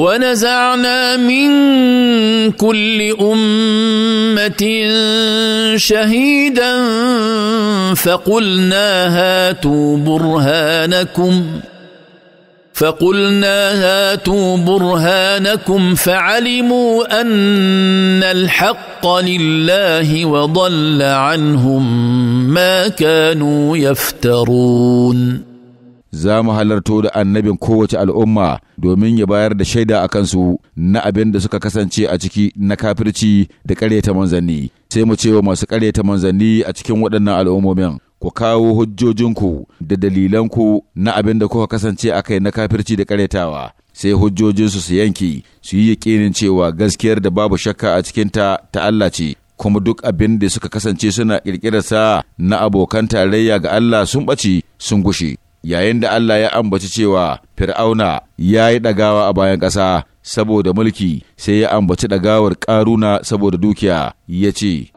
ونزعنا من كل امه شهيدا فقلنا هاتوا برهانكم فقلنا هاتوا برهانكم فعلموا ان الحق لله وضل عنهم ما كانوا يفترون za mu halarto da annabin kowace al'umma domin ya bayar da shaida a kansu na abin da suka kasance a ciki na kafirci da ƙaryata manzanni. Sai mu cewa masu ƙaryata manzanni a cikin waɗannan al'ummomin, ku kawo hujjojinku da dalilanku na abin da kuka kasance a kai na kafirci da ƙaryatawa. Sai hujjojinsu su yanki su yi yaƙinin cewa gaskiyar da babu shakka a cikinta ta Allah ce, kuma duk abin da suka kasance suna ƙirƙirarsa na abokan tarayya ga Allah sun ɓace sun gushe. yayin da Allah ya ambaci cewa Fir'auna ya yi ɗagawa a bayan ƙasa saboda mulki sai ya ambaci ɗagawar ƙaruna saboda dukiya ya ce,